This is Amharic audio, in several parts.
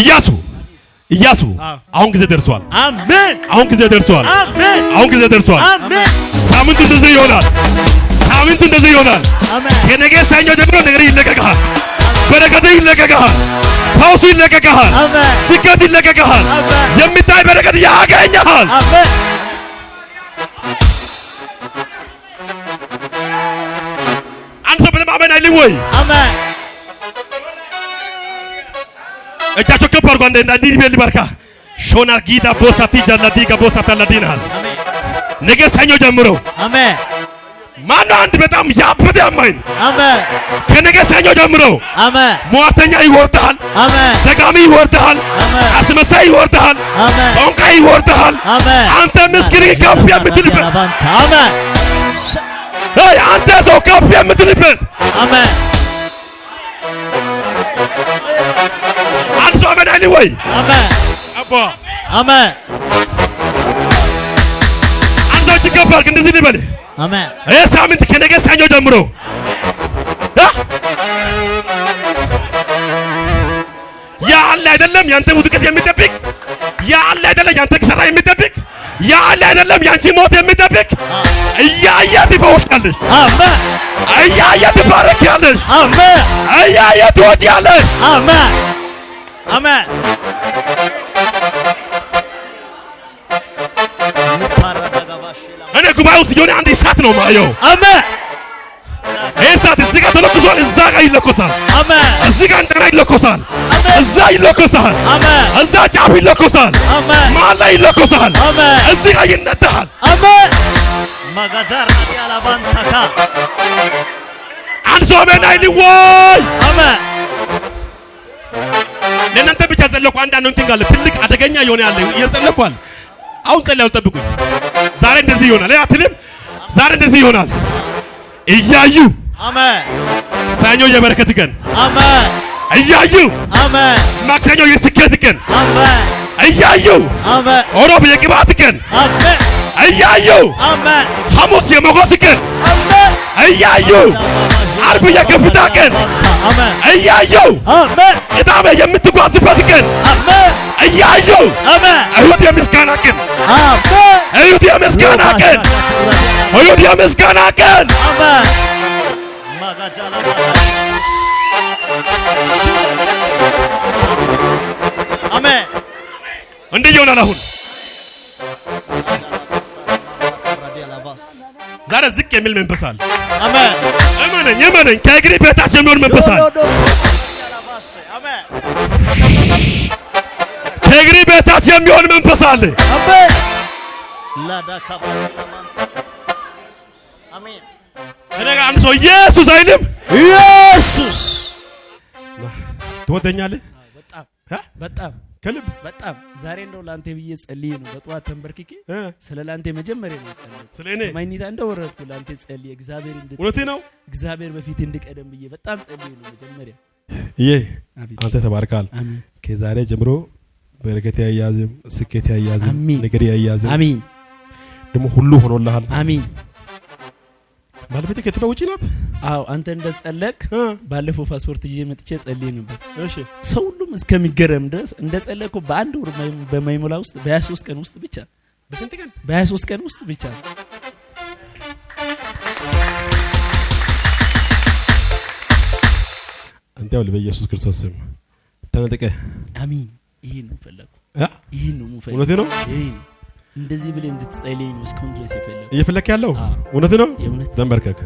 ኢያሱ ኢያሱ አሁን ጊዜ ደርሷል። አሜን። አሁን ጊዜ ደርሷል። አሜን። አሁን ጊዜ ደርሷል። አሜን። ሳምንት እንደዚህ ይሆናል። ሳምንት እንደዚህ ይሆናል። የነገ ሰኞ ጀምሮ ነገር ይለቀቅሃል። በረከት ይለቀቅሃል። ፈውስ ይለቀቅሃል። ስኬት ይለቀቅሃል። የሚታይ በረከት ያገኘሃል። አንድ ሰው በደምብ አይልም ወይ? አሜን እጃቸው ከፍ አድርጎ እንደ እንዲህ ቤል ሊበርካ ሾና ጊዳ ቦሳቲ ጃላዲ ጋቦሳ ተላዲናስ ነገ ሰኞ ጀምሮ አሜን። ማነው አንድ በጣም ያበደ አማኝ? አሜን። ከነገ ሰኞ ጀምሮ አሜን። ሟርተኛ ይወርዳል፣ አሜን። ደጋሚ ይወርዳል፣ አሜን። አስመሳይ ይወርዳል፣ አሜን። ጦንቃይ ይወርዳል፣ አሜን። አንተ ምስኪን ከፍ የምትልበት አሜን። አንተ ሰው ከፍ የምትልበት አሜን። anyway. Amen. Amen. አሜን። አሳብ ሲገባል እንደዚህ ልበል። አሜን። ይሄ ሳምንት ከነገ ሰኞ ጀምሮ ያ አይደለም ያንተ ውድቀት የሚጠብቅ ያ አለ አይደለም ያንተ ኪሳራ የሚጠብቅ ያ አይደለም ያንቺ ሞት የሚጠብቅ እያየ ትፈወሻለሽ። አሜን። እያየ ትባረኪያለሽ። አሜን። እያየ ትወጪያለሽ። አሜን። ஆமா እኔ ጉባኤ ውስጥ የሆነ አንድ እሳት ነው ማየው። አሜን። ይህ እሳት እዚህ ጋር ተለኩሷል፣ እዛ ጋር ይለኮሳል። አሜን። እዚህ ጋር እንደና ይለኮሳል፣ እዛ ይለኮሳል። አሜን። እዛ ጫፍ ይለኮሳል፣ መሀል ላይ ይለኮሳል። አሜን። እዚህ ጋር ይነዳሃል። አሜን። ማጋዛር ያላባንታካ አንድ ሰው አሜን አይልም ወይ? አሜን ለእናንተ ብቻ ዘለኩ። አንድ እንትን ጋር ትልቅ አደገኛ የሆነ ያለ እየዘለኩ አለ። አሁን ጸልያው ጠብቁኝ። ዛሬ እንደዚህ ይሆናል አትልም? ዛሬ እንደዚህ ይሆናል እያዩ አሜን። ሰኞ የበረከት ቀን አሜን። እያዩ አሜን። ማክሰኞ የስኬት ቀን አሜን። እያዩ አሜን። ኦሮብ የቅባት ቀን አሜን። እያዩ አሜን። ሐሙስ የሞገስ ቀን እያዩ አርብ የከፍታ ቀን እያዩ ቅዳሜ የምትጓዝበት ቀን እያዩ እሁድ የምስጋና ቀን እሁድ የምስጋና ቀን እሁድ የምስጋና ቀን እንዲህ ይሆናል አሁን የሚል መንፈስ አለ። አሜን አሜን። የማነኝ ከእግሪ በታች የሚሆን መንፈስ አለ። ከእግሪ በታች የሚሆን መንፈስ አለ። አሜን። አንድ ሰው ኢየሱስ አይልም። ኢየሱስ ትወደኛለህ በጣም በጣም ከልብ በጣም ዛሬ እንደው ላንተ ብዬ ጸልዬ ነው በጠዋት ተንበርክኬ ስለ ላንተ መጀመሪያ ነው ጸልዬ ስለ እኔ ማይኒታ እንደወረድኩ ላንተ ጸልዬ እግዚአብሔር እንድት እውነቴ ነው እግዚአብሔር በፊት እንድቀደም ብዬ በጣም ጸልዬ ነው መጀመሪያ ይሄ አንተ ተባርካል። ከዛሬ ጀምሮ በረከት ያያዝም፣ ስኬት ያያዝም፣ ነገር ያያዝም። አሜን ደግሞ ሁሉ ሆኖልሃል። አሜን ባለቤት ከችሎ ውጪ ናት። አዎ አንተ እንደጸለቅ ባለፈው ፓስፖርት ይዤ መጥቼ ጸልይ ነበር። እሺ ሰው ሁሉም እስከሚገረም ድረስ እንደጸለቁ በአንድ ወር በማይሞላ ውስጥ በ23 ቀን ውስጥ ብቻ በስንት ቀን? በ23 ቀን ውስጥ ብቻ አንተ ያው በኢየሱስ ክርስቶስ ስም ተነጠቀ። አሚን። ይሄ ነው ፈለኩ። ይሄ ነው ሙፈ እውነት ነው። ይሄ እንደዚህ ብለህ እንድትጸልይ ነው እስካሁን ድረስ የፈለኩ እየፈለክ ያለው እውነት ነው። ዘንበርከክ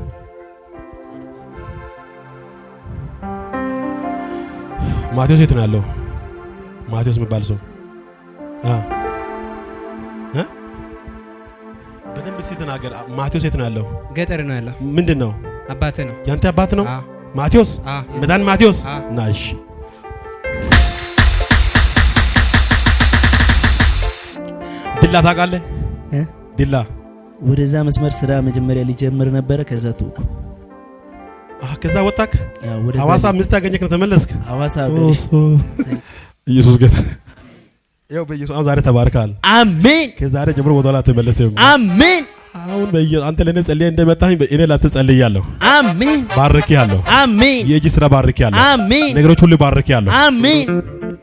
ማቴዎስ የት ነው ያለው? ማቴዎስ የሚባል ሰው በደንብ ሲተናገር ማቴዎስ የት ነው ያለው? ገጠር ነው ያለው። ምንድን ነው አባት ነው ያንተ አባት ነው ማቴዎስ መዳን ማቴዎስ ናሽ ድላ ታውቃለህ? ድላ ወደዛ መስመር ስራ መጀመሪያ ሊጀምር ነበረ ከዛ ተውኩ። ከዛ ወጣክ ሐዋሳ ምስት ያገኘክ ነው ተመለስክ። ኢየሱስ ጌታ ያው በኢየሱስ አሁን ዛሬ ተባርካል አሜን። ከዛሬ ጀምሮ ወደ ኋላ ተመለሰ። አሜን። አሁን አንተ ለኔ ጸልዬ እንደመጣህ እኔ ላንተ ጸልያለሁ። አሜን። ባርክያለሁ አሜን። የእጅ ስራ ባርክያለሁ አሜን። ነገሮች ሁሉ ባርክያለሁ አሜን።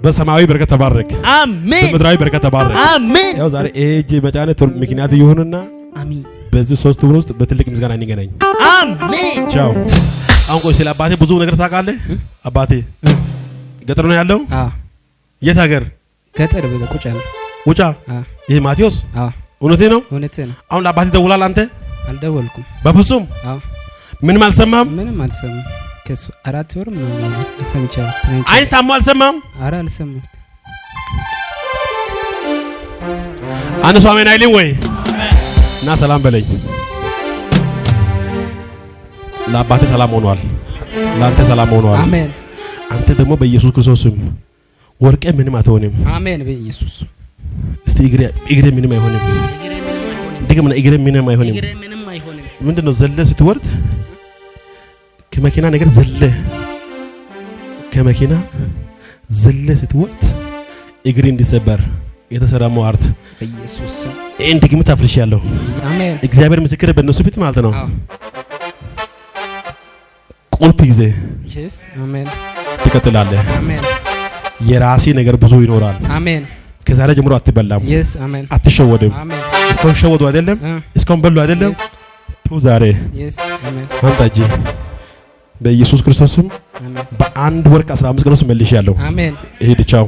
በሰማያዊ በረከት ተባረክ። አሜን። በምድራዊ በረከት ተባረክ። አሜን። ያው ዛሬ እጅ መጫነ ምክንያት ይሁንና አሜን በዚህ ሶስት ወር ውስጥ በትልቅ ምስጋና እንገናኝ። አሜን። ቻው። አሁን ቆይ ስለ አባቴ ብዙ ነገር ታውቃለህ። አባቴ ገጠር ነው ያለው። የት ሀገር ገጠር? ቁጫ ነው። ቁጫ። ይሄ ማቴዎስ። እውነቴ ነው። አሁን ለአባቴ ደውላል። አንተ አልደወልኩም። በፍጹም ምንም አልሰማም። ምንም አልሰማም። ከሱ አራት ወር ምናምን አልሰምቻለሁ። አይን ታሞ አልሰማም። ኧረ አልሰማም። አንድ አሜን አይልም ወይ? እና ሰላም በለኝ። ለአባቴ ሰላም ሆኗል፣ ለአንተ ሰላም ሆኗል። አሜን። አንተ ደግሞ በኢየሱስ ክርስቶስ ስም ወርቄ ምንም አትሆንም። አሜን። በኢየሱስ እስቲ እግሬ እግሬ ምንም አይሆንም። ደግሞና እግሬ ምንም አይሆንም። ምንድነው ዘለ ስትወርድ ከመኪና ነገር ዘለ ከመኪና ዘለ ስትወርድ እግሬ እንዲሰበር የተሰራ መዋርት በኢየሱስ ይህን ድግምት አፍልሻለሁ። እግዚአብሔር ምስክር በእነሱ ፊት ማለት ነው። ቁልፍ ጊዜ ትቀጥላለህ። የራሴ ነገር ብዙ ይኖራል። ከዛሬ ጀምሮ አትበላም፣ አትሸወድም። እስካሁን ሸወዱ አይደለም፣ እስካሁን በሉ አይደለም። ዛሬ አምጣ እጄ በኢየሱስ ክርስቶስም በአንድ ወርቅ 15 ቀን ውስጥ መልሼ ያለሁ እሄድ ቻው